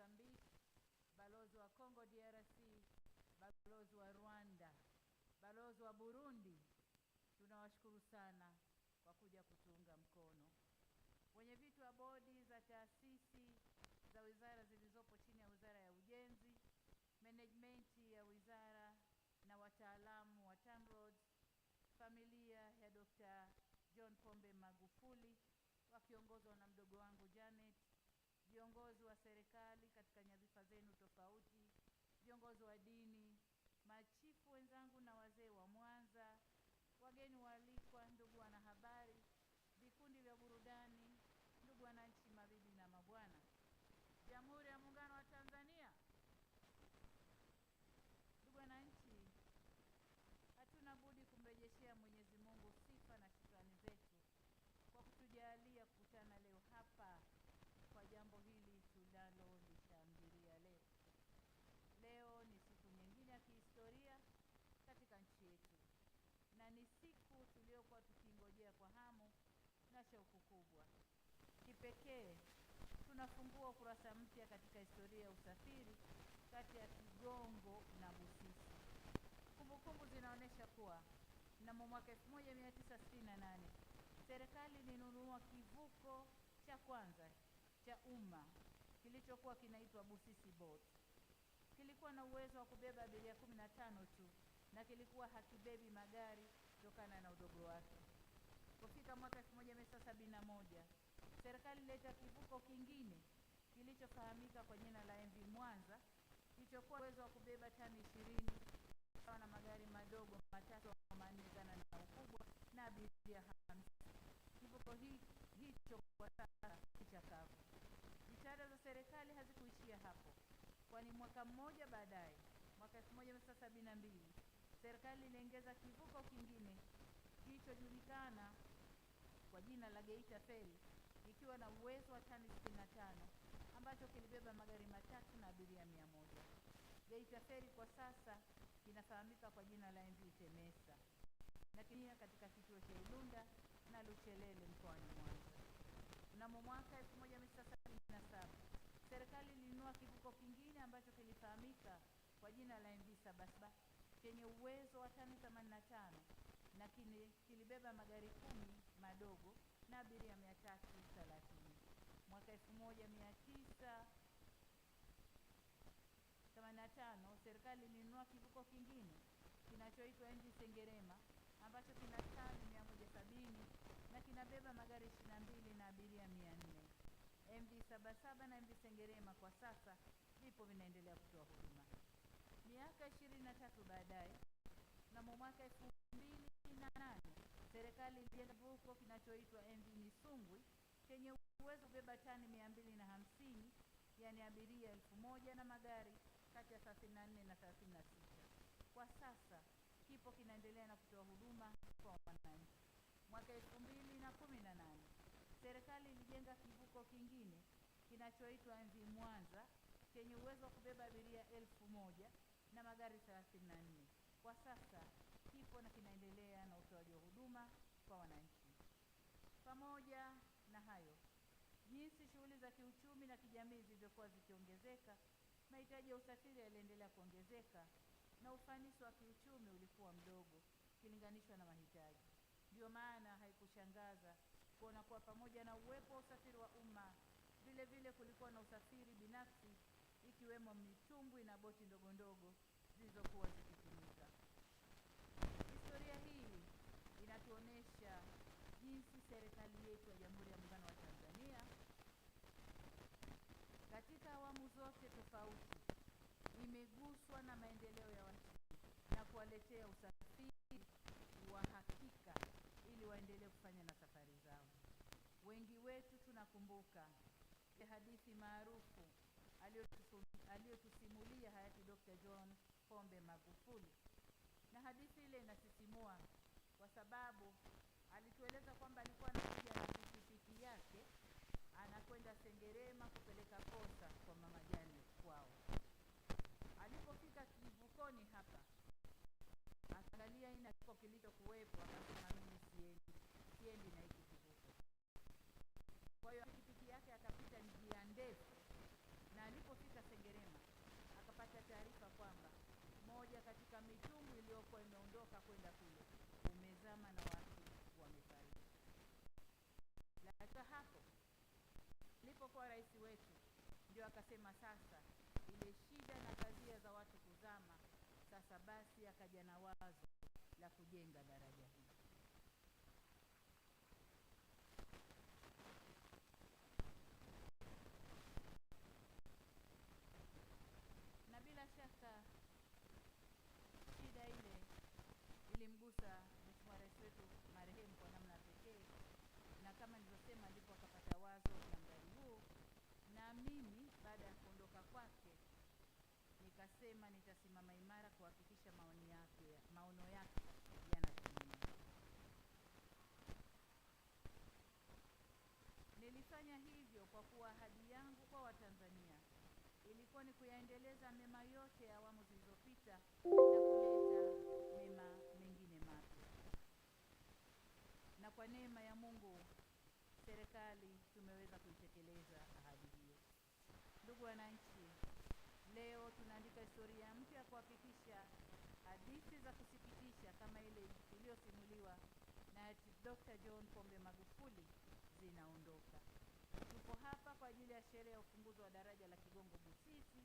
Mozambique, balozi wa Congo DRC, balozi wa Rwanda, balozi wa Burundi, tunawashukuru sana kwa kuja kutuunga mkono. Wenyeviti wa bodi za taasisi za wizara zilizopo chini ya Wizara ya Ujenzi, management ya wizara na wataalamu wa TANROADS, familia ya Dr. John Pombe Magufuli wakiongozwa na mdogo wangu Janet zenu tofauti, viongozi wa dini, machifu wenzangu na wazee wa Mwanza, wageni waalikwa, ndugu wanahabari, vikundi vya burudani, ndugu wananchi, mabibi na mabwana, Jamhuri ya Muungano wa Tanzania. Ndugu wananchi, hatuna budi kumrejeshea Mwenyezi ni siku tuliyokuwa tukiingojea kwa hamu na shauku kubwa. Kipekee tunafungua ukurasa mpya katika historia ya usafiri kati ya Kigongo na Busisi. Kumbukumbu zinaonyesha kuwa mnamo mwaka 1968 serikali ilinunua kivuko cha kwanza cha umma kilichokuwa kinaitwa Busisi Boat. Kilikuwa na uwezo wa kubeba abiria 15 tu na kilikuwa hakibebi magari kutokana na udogo wake. Kufika mwaka 1971 serikali ileta kivuko kingine kilichofahamika kwa jina la MV Mwanza kilichokuwa uwezo wa kubeba tani ishirini sawa na magari madogo matatu au manne zana na ukubwa na abiria hamsini. Kivuko hicho kwa sasa kichakavu. Jitihada za serikali hazikuishia hapo, kwani mwaka mmoja baadaye, mwaka 1972 serikali iliongeza kivuko kingine kilichojulikana kwa jina la Geita feri ikiwa na uwezo wa tani 65 ambacho kilibeba magari matatu na abiria mia moja. Geita Ferry kwa sasa kinafahamika kwa jina la MV Temesa na kinia katika kituo cha Ilunda na Luchelele mkoani Mwanza. Mnamo mwaka 1977 serikali ilinunua kivuko kingine ambacho kilifahamika kwa jina la MV Sabasaba chenye uwezo wa tani 85 na kilibeba magari kumi madogo na abiria 330. Mwaka 1985 serikali ilinunua kivuko kingine kinachoitwa NG Sengerema ambacho kina tani 170 na kinabeba magari 22 na abiria 400. MV Sabasaba na MV Sengerema kwa sasa vipo vinaendelea kutoa huduma. Miaka ishirini na tatu baadaye, mnamo mwaka elfu mbili na nane serikali ilijenga kivuko kinachoitwa MV Misungwi chenye uwezo kubeba tani mia mbili na hamsini yaani abiria elfu moja na magari kati ya 34 na 36. Kwa sasa kipo kinaendelea na kutoa huduma kwa wananchi. Mwaka elfu2n 2018 serikali ilijenga kivuko kingine kinachoitwa MV Mwanza chenye uwezo wa kubeba abiria elfu moja na magari 34. Kwa sasa kipo na kinaendelea na utoaji wa huduma kwa wananchi. Pamoja na hayo, jinsi shughuli za kiuchumi na kijamii zilivyokuwa zikiongezeka, mahitaji ya usafiri yaliendelea kuongezeka na ufanisi wa kiuchumi ulikuwa mdogo ukilinganishwa na mahitaji. Ndiyo maana haikushangaza kuona kuwa pamoja na uwepo wa usafiri wa umma, vile vile kulikuwa na usafiri binafsi ikiwemo mitumbwi na boti ndogo ndogo zilizokuwa zikitumika. Historia hii inatuonesha jinsi serikali yetu ya Jamhuri ya Muungano wa Tanzania katika awamu zote tofauti imeguswa na maendeleo ya watu na kuwaletea usafiri wa hakika ili waendelee kufanya na safari zao. Wengi wetu tunakumbuka hadithi maarufu aliyo John Pombe Magufuli. Na hadithi ile inasisimua kwa sababu alitueleza kwamba alikuwa anakuja na pikipiki yake anakwenda Sengerema kupeleka posa kwa mama jani kwao. Alipofika kivukoni hapa, akaangalia ina kifo kilichokuwepo, akasema mimi siendi, siendi na hiki kivuko. Kwa hiyo katika mitumbwi iliyokuwa imeondoka kwenda kule, umezama na watu wamefariki. lata hapo alipokuwa rais wetu ndio akasema sasa ile shida na kadhia za watu kuzama, sasa basi akaja na wazo la kujenga daraja hili. kabisa Mheshimiwa Rais wetu marehemu kwa namna pekee, na kama nilivyosema, ndipo akapata wazo la mradi huu, na mimi baada ya kuondoka kwake nikasema nitasimama imara kuhakikisha maoni yake maono yake yanatimia. Nilifanya hivyo kwa kuwa ahadi yangu kwa Watanzania ilikuwa ni kuyaendeleza mema yote ya awamu kwa neema ya Mungu serikali tumeweza kuitekeleza ahadi hiyo. Ndugu wananchi, leo tunaandika historia mpya ya kuhakikisha hadithi za kusikitisha kama ile iliyosimuliwa na Dr. John Pombe Magufuli zinaondoka. Tupo hapa kwa ajili ya sherehe ya ufunguzi wa daraja la Kigongo Busisi.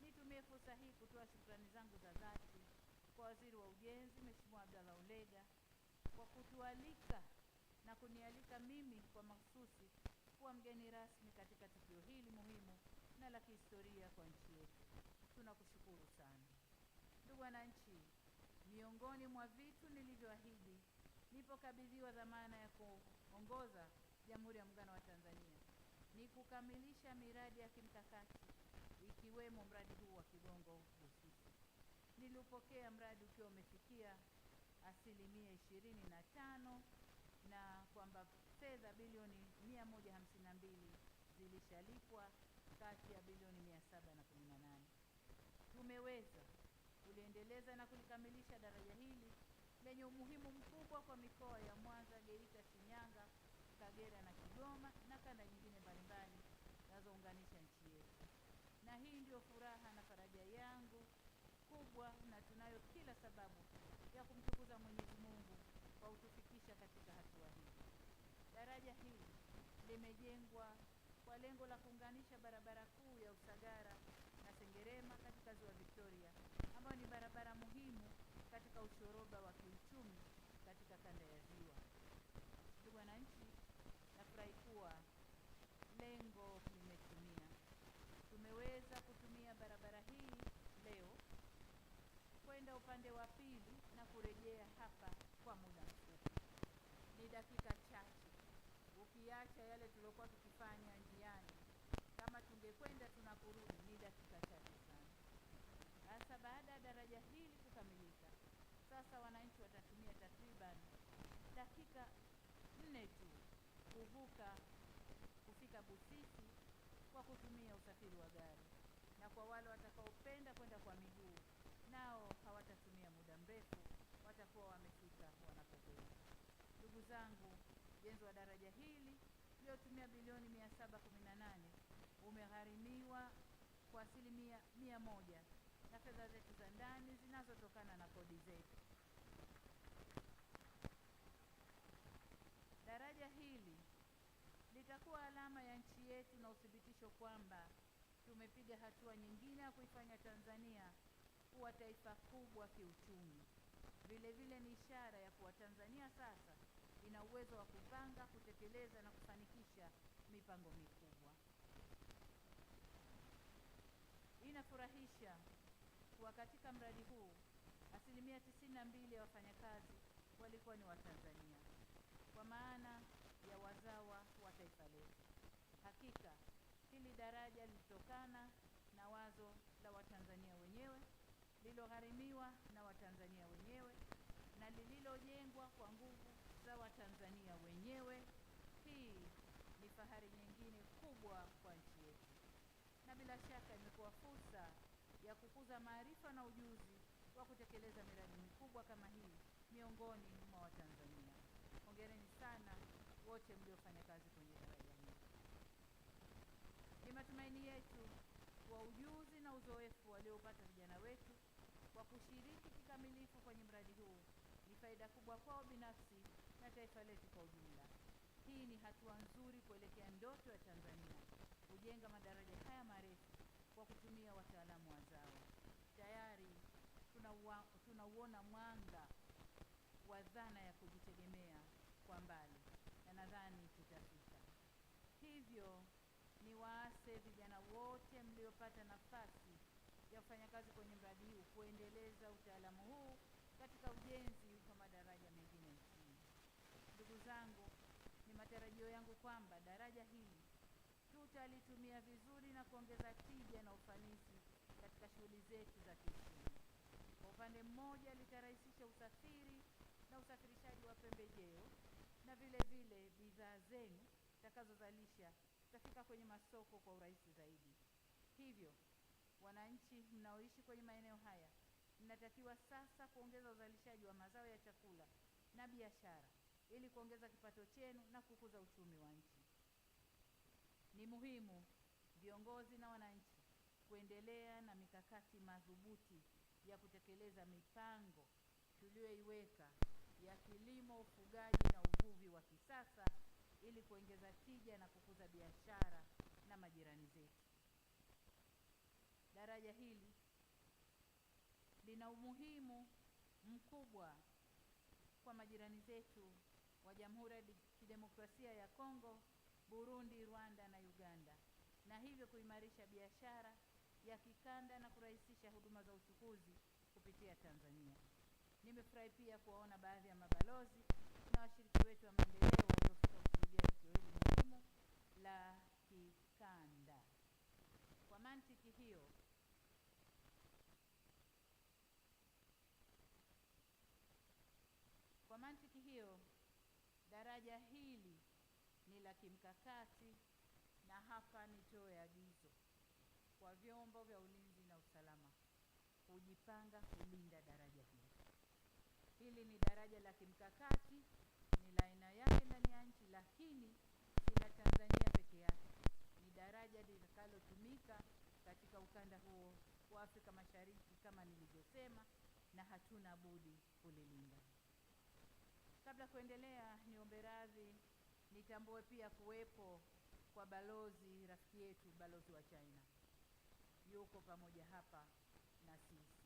Nitumie fursa hii kutoa shukrani zangu za dhati kwa Waziri wa Ujenzi Mheshimiwa Abdalla Ulega kwa kutualika na kunialika mimi kwa mahususi kuwa mgeni rasmi katika tukio hili muhimu na la kihistoria kwa nchi yetu. Tunakushukuru sana ndugu wananchi. Miongoni mwa vitu nilivyoahidi nilipokabidhiwa dhamana ya kuongoza Jamhuri ya Muungano wa Tanzania ni kukamilisha miradi ya kimkakati ikiwemo mradi huu wa Kigongo Busisi. Niliupokea mradi ukiwa umefikia asilimia ishirini na tano na kwamba fedha bilioni 152 zilishalipwa kati ya bilioni 718. Tumeweza kuliendeleza na kulikamilisha daraja hili lenye umuhimu mkubwa kwa mikoa ya Mwanza, Geita, Shinyanga, Kagera na Kigoma na kanda nyingine mbalimbali zinazounganisha nchi yetu. Na hii ndio furaha na faraja yangu kubwa na tunayo kila sababu wautufikisha katika hatua hii. Daraja hili limejengwa kwa lengo la kuunganisha barabara kuu ya Usagara na Sengerema katika Ziwa Victoria, ambayo ni barabara muhimu katika ushoroba wa kiuchumi katika kanda ya Ziwa. Ndugu wananchi, nafurahi kuwa lengo limetimia. Tumeweza kutumia barabara hii leo kwenda upande wa pili na kurejea dakika chache, ukiacha yale tuliokuwa tukifanya njiani, kama tungekwenda tunakurudi, ni dakika chache sana. Sasa baada ya daraja hili kukamilika, sasa wananchi watatumia takriban dakika nne tu kuvuka kufika Busisi kwa kutumia usafiri wa gari, na kwa wale watakaopenda kwenda kwa miguu ndugu zangu, ujenzi wa daraja hili uliotumia bilioni 718 umegharimiwa kwa asilimia mia moja na fedha zetu za ndani zinazotokana na kodi zetu. Daraja hili litakuwa alama ya nchi yetu na uthibitisho kwamba tumepiga hatua nyingine ya kuifanya Tanzania kuwa taifa kubwa kiuchumi. Vilevile ni ishara ya kuwa Tanzania sasa ina uwezo wa kupanga, kutekeleza na kufanikisha mipango mikubwa. Inafurahisha kuwa katika mradi huu asilimia tisini na mbili ya wafanyakazi walikuwa ni Watanzania kwa maana ya wazawa wa taifa letu. Hakika hili daraja lilitokana na wazo la Watanzania wenyewe lililogharimiwa na Watanzania wenyewe na lililojengwa kwa nguvu wenyewe. Hii ni fahari nyingine kubwa kwa nchi yetu, na bila shaka imekuwa fursa ya kukuza maarifa na ujuzi wa kutekeleza miradi mikubwa kama hii miongoni mwa Watanzania. Hongereni sana wote mliofanya kazi kwenye daraja hili. Ni matumaini yetu kwa ujuzi na uzoefu waliopata vijana wetu kwa kushiriki kikamilifu kwenye mradi huu ni faida kubwa kwao binafsi na taifa letu kwa ujumla. Hii ni hatua nzuri kuelekea ndoto ya Tanzania kujenga madaraja haya marefu kwa kutumia wataalamu wazawa. Tayari tunauona mwanga wa dhana ya kujitegemea kwa mbali na nadhani tutafika. Hivyo ni waase vijana wote mliopata nafasi ya kufanya kazi kwenye mradi huu kuendeleza utaalamu huu katika ujenzi ndugu zangu, ni matarajio yangu kwamba daraja hili tutalitumia vizuri na kuongeza tija na ufanisi katika shughuli zetu za kiuchumi. Kwa upande mmoja, litarahisisha usafiri na usafirishaji wa pembejeo na vile vile bidhaa zenu zitakazozalisha zitafika kwenye masoko kwa urahisi zaidi. Hivyo wananchi mnaoishi kwenye maeneo haya mnatakiwa sasa kuongeza uzalishaji wa mazao ya chakula na biashara ili kuongeza kipato chenu na kukuza uchumi wa nchi. Ni muhimu viongozi na wananchi kuendelea na mikakati madhubuti ya kutekeleza mipango tuliyoiweka ya kilimo, ufugaji na uvuvi wa kisasa ili kuongeza tija na kukuza biashara na majirani zetu. Daraja hili lina umuhimu mkubwa kwa majirani zetu wa Jamhuri ya Kidemokrasia ya Kongo, Burundi, Rwanda na Uganda, na hivyo kuimarisha biashara ya kikanda na kurahisisha huduma za uchukuzi kupitia Tanzania. Nimefurahi pia kuwaona baadhi ya mabalozi na washiriki wetu wa maendeleo Daraja hili ni la kimkakati na hapa nitoe agizo kwa vyombo vya ulinzi na usalama kujipanga kulinda daraja hili. Hili ni daraja la kimkakati, ni la aina yake ndani ya nchi, lakini si la Tanzania peke yake. Ni daraja litakalotumika katika ukanda huo wa Afrika Mashariki kama nilivyosema, na hatuna budi Kabla kuendelea, niombe radhi, nitambue pia kuwepo kwa balozi rafiki yetu, balozi wa China yuko pamoja hapa na sisi.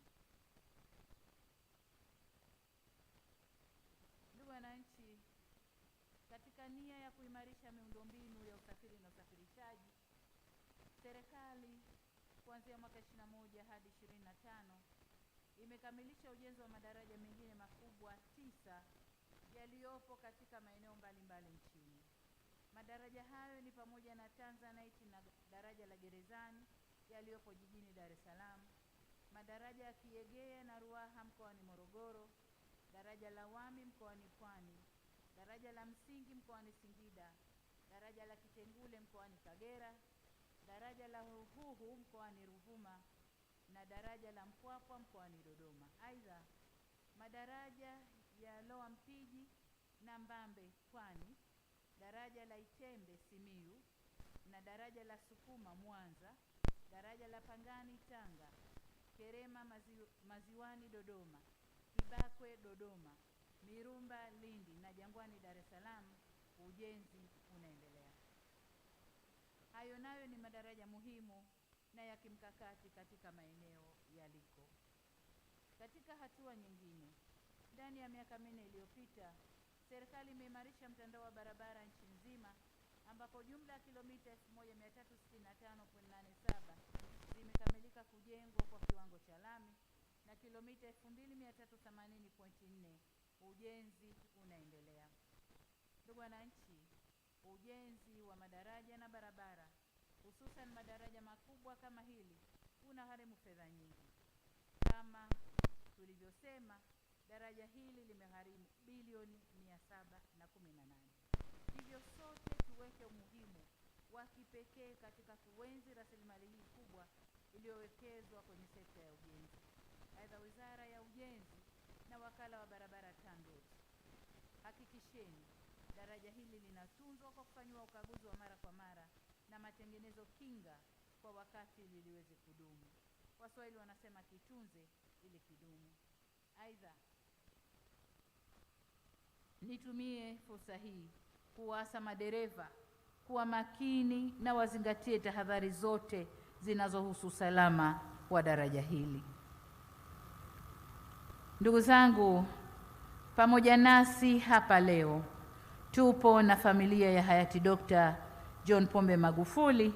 Ndugu wananchi, katika nia ya kuimarisha miundombinu ya usafiri na usafirishaji, serikali kuanzia mwaka 21 hadi 25 imekamilisha ujenzi wa madaraja mengine makubwa tisa yaliyopo katika maeneo mbalimbali nchini. Madaraja hayo ni pamoja na Tanzanite na daraja la Gerezani yaliyopo jijini Dar es Salaam, madaraja ya Kiegea na Ruaha mkoani Morogoro, daraja la Wami mkoani Pwani, daraja la Msingi mkoani Singida, daraja la Kitengule mkoani Kagera, daraja la Ruhuhu mkoani Ruvuma na daraja la Mpwapwa mkoani Dodoma. Aidha, madaraja ya Loa Mbambe Pwani, daraja la Itembe Simiyu na daraja la Sukuma Mwanza, daraja la Pangani Tanga, Kerema mazi, Maziwani Dodoma, Kibakwe Dodoma, Mirumba Lindi na Jangwani Dar es Salaam. Ujenzi unaendelea. Hayo nayo ni madaraja muhimu na ya kimkakati katika maeneo yaliko. Katika hatua nyingine, ndani ya miaka minne iliyopita serikali imeimarisha mtandao wa barabara nchi nzima ambapo jumla ya kilomita 1365.87 zimekamilika kujengwa kwa kiwango cha lami na kilomita 2380.4 ujenzi unaendelea. Ndugu wananchi, ujenzi wa madaraja na barabara hususan madaraja makubwa kama hili una unagharimu fedha nyingi. Kama tulivyosema, daraja hili limegharimu saba na kumi na nane. Hivyo sote tuweke umuhimu wa kipekee katika kuenzi rasilimali hii kubwa iliyowekezwa kwenye sekta ya ujenzi. Aidha, Wizara ya Ujenzi na Wakala wa Barabara TANROADS, hakikisheni daraja hili linatunzwa kwa kufanyiwa ukaguzi wa mara kwa mara na matengenezo kinga kwa wakati ili liweze kudumu. Waswahili wanasema kitunze ili kidumu. Aidha, Nitumie fursa hii kuwaasa madereva kuwa makini na wazingatie tahadhari zote zinazohusu usalama wa daraja hili. Ndugu zangu, pamoja nasi hapa leo tupo na familia ya hayati Dr. John Pombe Magufuli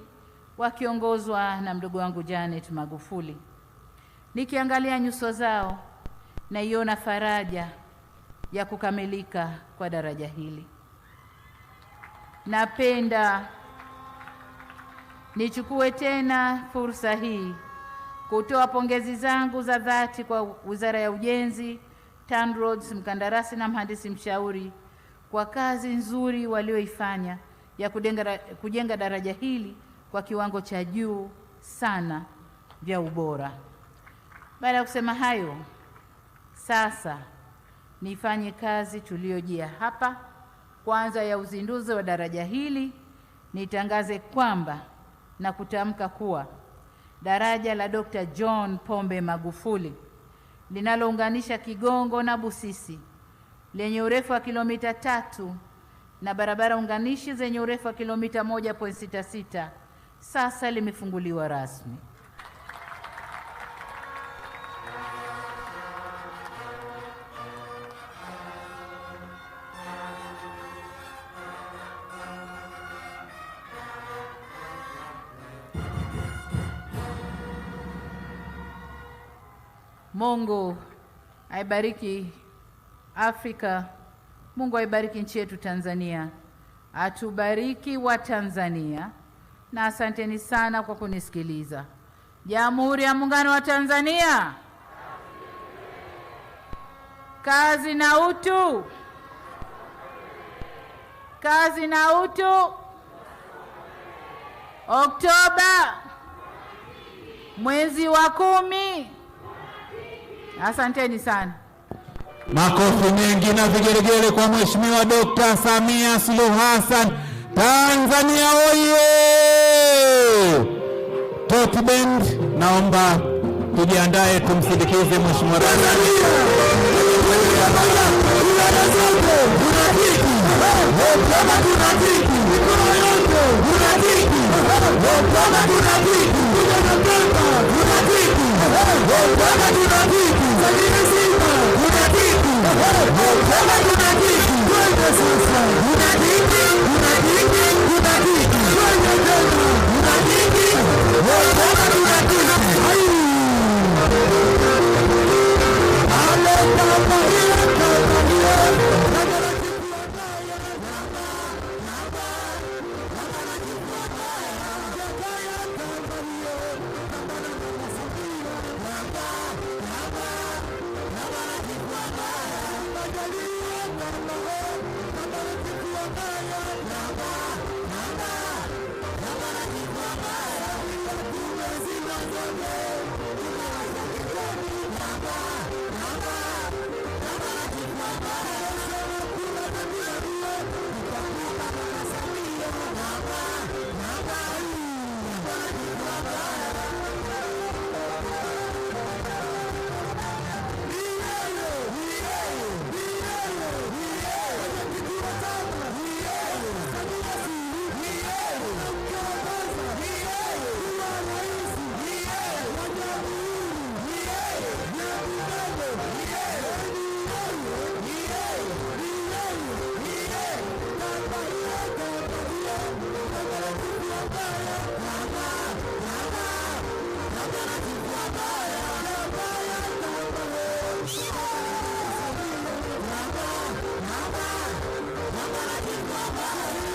wakiongozwa na mdogo wangu Janet Magufuli. Nikiangalia nyuso zao naiona faraja ya kukamilika kwa daraja hili. Napenda nichukue tena fursa hii kutoa pongezi zangu za dhati kwa Wizara ya Ujenzi, TANROADS, mkandarasi na mhandisi mshauri kwa kazi nzuri walioifanya ya kudenga, kujenga daraja hili kwa kiwango cha juu sana vya ubora. Baada ya kusema hayo, sasa nifanye kazi tuliyojia hapa, kwanza ya uzinduzi wa daraja hili. Nitangaze kwamba na kutamka kuwa daraja la Dr. John Pombe Magufuli linalounganisha Kigongo na Busisi lenye urefu wa kilomita tatu na barabara unganishi zenye urefu wa kilomita 1.66 sasa limefunguliwa rasmi. Mungu aibariki Afrika, Mungu aibariki nchi yetu Tanzania, atubariki wa Tanzania, na asanteni sana kwa kunisikiliza. Jamhuri ya Muungano wa Tanzania, kazi na utu, kazi na utu. Oktoba mwezi wa kumi Asanteni sana. Makofi mengi na vigelegele kwa Mheshimiwa Dkt. Samia Suluhu Hassan. Tanzania oye! Top band, naomba tujiandae tumsindikize Mheshimiwa Rais. Unadiki, unadiki, unadiki Run,